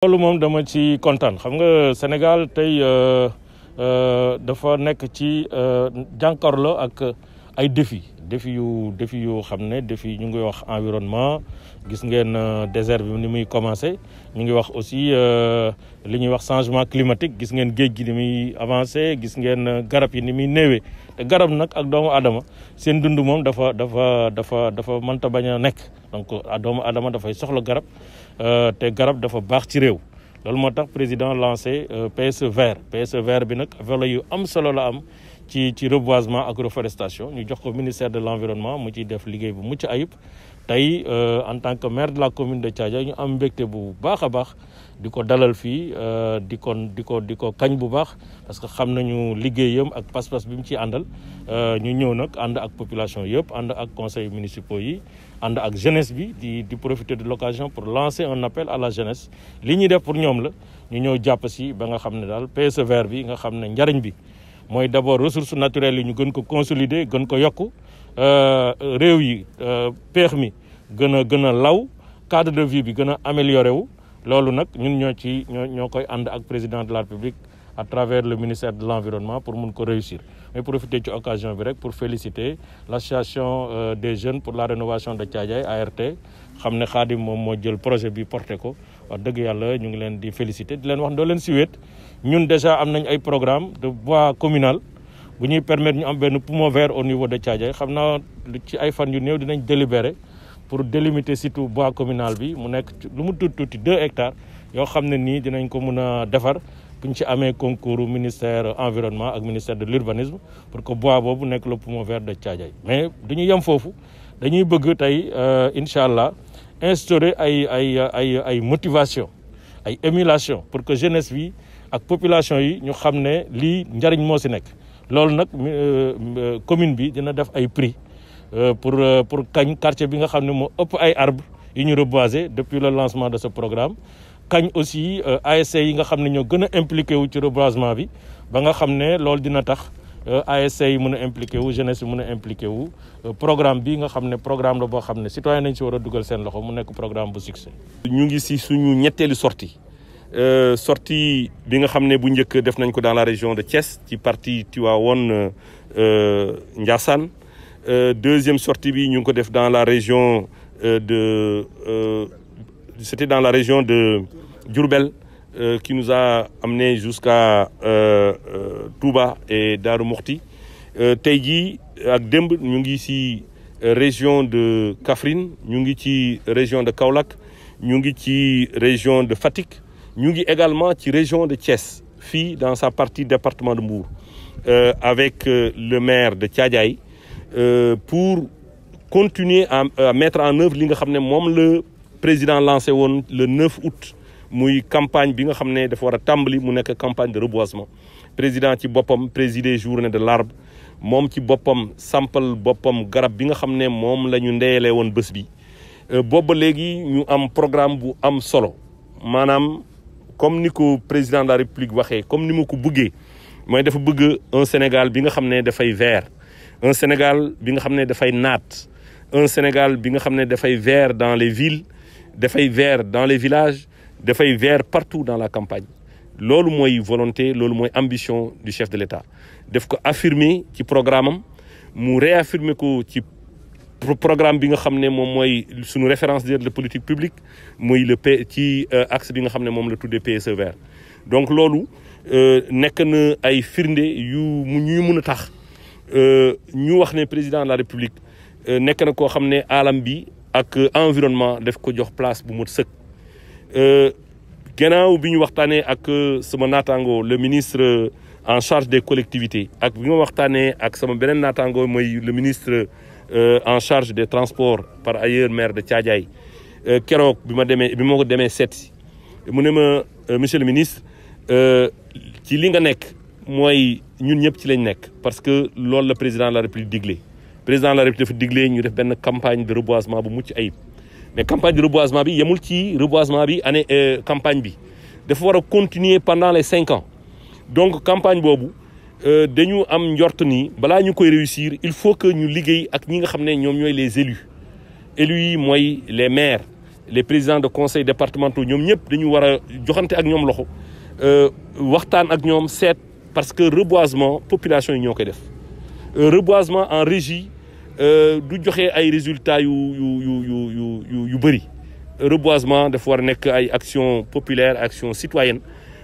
lolu mom dama ci contane xam nga euh euh dafa nek ci euh, lo ak euh, ay defi, defi yu defi yu xamne ne défi ñu ngi wax environnement gis ngeen euh, désert bi ni muy commencer ñu ngi wax aussi li ñuy wax changement climatique gis ngeen geej gi ni muy avancer gis ngeen garab yi ni muy newé te garab nak ak doomu adama seen dund mom dafa dafa dafa dafa mënta bañ a donc doomu da fay soxla garab Euh, te garab dafa baax ci réew loolu moo tax président lancé euh, PS vert PS vert bi nag volet yu am solo la am ci ci reboisement agroforestation ñu jox ko ministère de l' environnement mu ciy def liggéey bu mucc ayib tey euh, en tant que maire de la commune de Thiadiaye ñu am mbégte bu baax a baax di ko dalal fii euh, di ko di ko que ak pas-pas bi mu andal àndal euh, ñu ak population ak conseil yi jeunesse bi di profiter de l'occasion pour lancer un appel à la jeunesse li ñuy def pour nous, la ñu nous ba nga bi nga d'abord ressources naturelles nous ñu gën ko consolider gën ko cadre de vie bi gën nous nag ñun avec le ak président de la république à travers le ministère de l'environnement pour réussir. ko réussir mais profiter ci occasion pour féliciter l'association euh, des jeunes pour la rénovation de Thiadiaye ART xam ne Khadim moom jël projet bi porté ko wax dëgg yàlla ñu ngi di féliciter di wax déjà am programme de bois communal bu ñuy permettre ñu am benn poumon vert au niveau de Thiadiaye xam naa ci ay fan yu néew dinañ délibérer pour délimiter surtout bois communal bi mu nekk lu mu tuuti tuuti deux hectares yoo xam ne nii dinañ ko mën a defar bu ci amee concours ministère environnement ak ministère de l'urbanisme pour que bois boobu nekk le poumon vert de Thiadiaye mais duñu ñu yem foofu dañuy bëgg tey euh, incha allah instaurer ay ay ay ay motivation ay émulation pour que jeunesse bi ak population yi ñu xam ne lii njariñ moo si nekk loolu nag euh, euh, commune bi dina def ay prix euh, pour euh, pour Cagne quartier bi nga xam mo ëpp ay arbres yi ñu reboiser depuis le lancement de ce programme Cagne aussi euh, ASC yi nga xam ne ñoo gën impliqué wu ci reboisement bi ba nga xam lool dina tax ASC yi mëna impliqué wu jeunesse mëna impliqué wu programme bi nga xam programme la bo xam citoyen nañ ci wara duggal seen loxo mu nekk programme bu succès. ñu ngi si suñu ñetteli sortie sortie bi nga xam bu njëkk def nañ ko dans la région de Thiès ci parti euh Ndiassane euh, deuxième sortie bi dans la région euh, de euh, c'était dans la région de Diourbel qui nous a amené jusqu'à Touba et Darou Mourti. à ak démb ñu ngi ci région de Kafrine, ñu ngi région de Kaulak, ñu dans la région de Fatik, nous ngi également la région de Thiès dans sa partie département de Mbour avec le maire de Tchadjaï, euh, pour continuer à, à mettre en œuvre li nga xam le président lancé woon le 9 août muy campagne bi nga xam dafa wara tambali mu campagne de reboisement président ci bopam présider journée de l'arbre mom ci bopam sample bopam garab bi nga xam mom lañu la ñu bëss bi euh, booba légui ñu am programme bu am solo manam comme niko président de la république waxé comme ni ma ko bëggee mooy dafa bëgg un Sénégal bi nga xam da fay vert un Sénégal bi nga xamné des fay nat un Sénégal bi nga xamné des fay vert dans les villes feuilles vert dans les villages feuilles vert partout dans la campagne lolu moy volonté lolu moy ambition du chef de l'État Il ko affirmer ci programme il mu réaffirmer ko ci programme bi nga xamné mom moy référence de politique publique moy le P ci euh, axe bi nga xamné mom la PSE e vert donc loolu euh, nek na ay firndé yu ñuy euh, ñu wax ne président de la république euh, nous na koo xam ne alam bi ak euh, environnement place bu bi le ministre en charge des collectivités ak bi le ministre en charge des transports par ailleurs maire de Thiadiaye bi ma bi monsieur le ministre ñun ñëpp ci lañ nekk parce que loolu le président de la république Le président de la république dafa digle ñu def benn campagne de reboisement bu mucc ayib mais campagne de reboisement bi yemul ci reboisement bi année euh, campagne bi dafa il faut continuer pendant les 5 ans donc campagne boobu euh, dañu am njort ni balaa ñu koy réussir il faut que ñu liggéey ak ñi nga xam les élus élus les maires les présidents de conseils départementaux ñoom ñëpp dañu war a joxante ak ñoom loxo euh, waxtaan ak ñoom seet parce que reboisement population yi ñoo koy def euh, reboisement en régie euh, du joxé ay résultats yu yu yu yu yu yu bëri reboisement dafa war a ay action populaire action citoyenne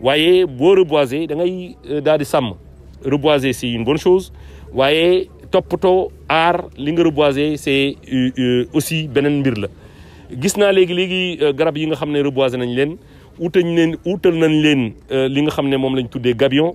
wayé bo reboiser da ngay euh, daal sam reboiser c'est une bonne chose waaye topoto art li nga reboiser c'est aussi benen mbir la gis na légui légui garab yi nga xamné reboiser nañ len utal len outal nañ len li nga xamné mom lañ tuddé gabion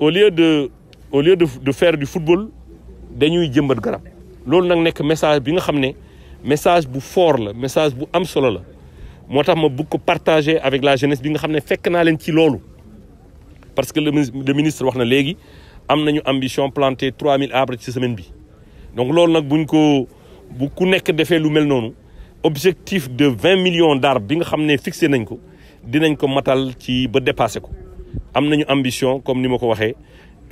au lieu de au lieu de de faire du football dañuy jëmbat garab loolu nag nekk message bi nga xam ne message bu fort la message bu am solo la moo tax ma bëgg ko partager avec la jeunesse bi nga xam ne fekk naa leen ci loolu. parce que le ministre wax na léegi am nañu ambition planter 3000 arbres ci semaine bi donc loolu nag buñ ko bu ku nekk defee lu mel noonu objectif de 20 millions d'arbres bi nga xam ne fixé nañ ko dinañ ko matal ci ba dépassé ko am nañu ambition comme ni ma ko waxee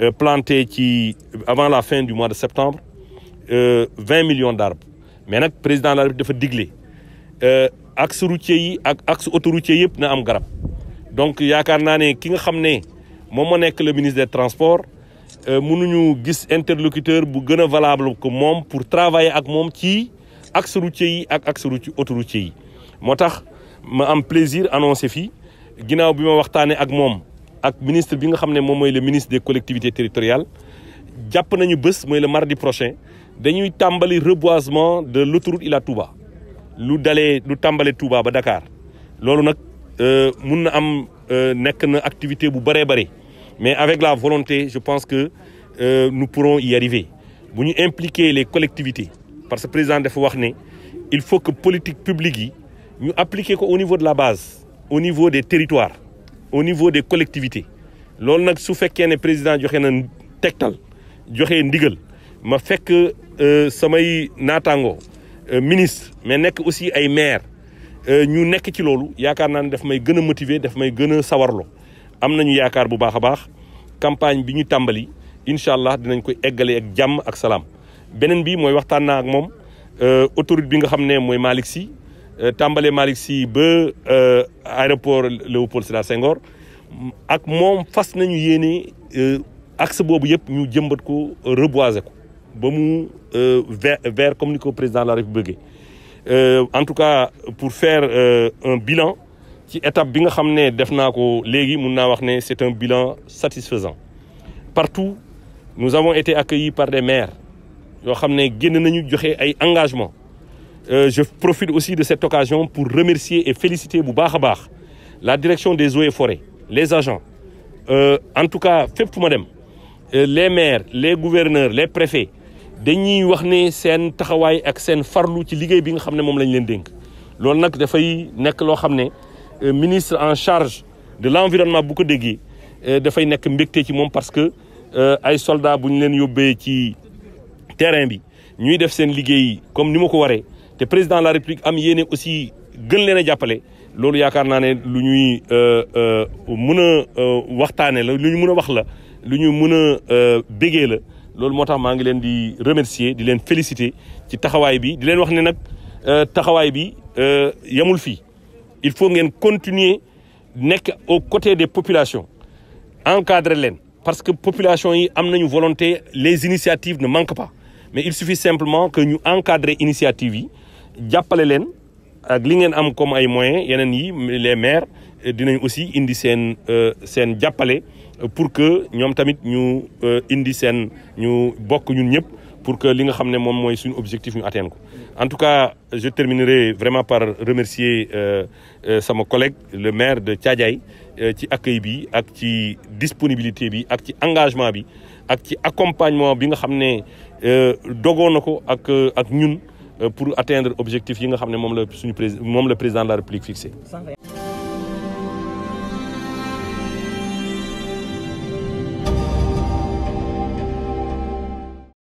euh, planter ci avant la fin du mois de septembre 20 euh, millions d'arbres mais nag président de la République faire digle euh, axe routier yi ak axe autoroutier yëpp na am garab donc yaakaar naa ne ki nga xam ne moom moo nekk le ministre des transports mënuñu gis interlocuteur bu gën a valable que moom pour travailler ak moom ci axe routier yi ak axe autoroutier yi moo tax ma am plaisir annoncé fii ginnaaw bi ma waxtaanee ak moom ak ministre bi nga xam le ministre des collectivités territoriales jàpp nañu bés mooy le mardi prochain dañuy tàmbali reboisement de l'autoroute Ila Touba nous allons lu tàmbale Touba ba Dakar loolu nag euh, mun na am euh, nekk na activité bu bëree mais avec la volonté je pense que euh, nous pourrons y arriver bu ñu impliquer les collectivités parce que président de wax il faut que politique publique yi ñu appliquer au niveau de la base au niveau des territoires au niveau des collectivités Lol nak su fekkee ne président joxe na tektal joxe ndigal ma fekk euh, samay natango euh, ministre mais nek aussi ay maire euh, ñu nek ci lolu yaakaar naa def may gën motiver def may gën sawarlo am yaakaar bu baaxa baax campagne bi ñu tambali inshallah dinañ koy eggale ak jàmm ak salam benen bi moy waxtana ak mom euh autorité bi nga xamné moy malik si euh, tàmbale Malick Sy ba euh, aéroport Léopold Sédar Senghor ak moom fas nañu yéene euh, axe boobu yépp ñu jëmbat ko reboiser ko ba mu vert vert comme ni ko président de la République bëggee en tout cas pour faire euh, un bilan ci étape bi nga xam ne def naa ko léegi mun naa wax ne c'est un bilan satisfaisant partout nous avons été accueillis par des maires yoo xam ne génn nañu joxe ay engagements euh, je profite aussi de cette occasion pour remercier et féliciter Boubachabar, la direction des eaux et forêts, les agents, euh, en tout cas, fépp ma dem euh, les maires les gouverneurs les préfets dañuy wax ne sen taxawaay ak sen farlu ci liguey bi nga xamné mom lañ leen denk lool nak da fay nek lo xamné euh, ministre en charge de l'environnement bu ko da fay nek mbégte ci mom parce que ay soldats buñ leen yobé ci terrain bi ñuy def sen liguey comme ni ko le président de la république a yéene aussi gën leen a jàppale loolu yaakaar naa ne lu ñuy euh, euh, mën a euh, waxtaane la lu ñu mën a wax la lu ñu mën a bégee la loolu moo tax maa ngi leen di remercier di leen féliciter ci taxawaay bi di leen wax ne nag taxawaay bi yamul il faut ngeen continuer nekk aux côtés des populations encadrer les parce que population yi am une volonté les initiatives ne manquent pas mais il suffit simplement que ñu encadrer initiative yi jàppale leen ak li ngeen am comme ay moyens yeneen yi les maires dinañ aussi indi seen euh, seen jàppale pour que ñoom tamit ñu euh, indi seen ñu bokk ñun ñëpp pour que li nga xam ne moom mooy suñu objectif ñu atteindre ko en tout cas je terminerai vraiment par remercier euh, sama collègue le maire de Thiadiaye ci accueil bi ak ci disponibilité bi ak ci engagement bi ak ci accompagnement bi nga xam ne dogoo na ko ak ak ñun euh, pour atteindre l'objectif yi nga xam ne président président de la république fixé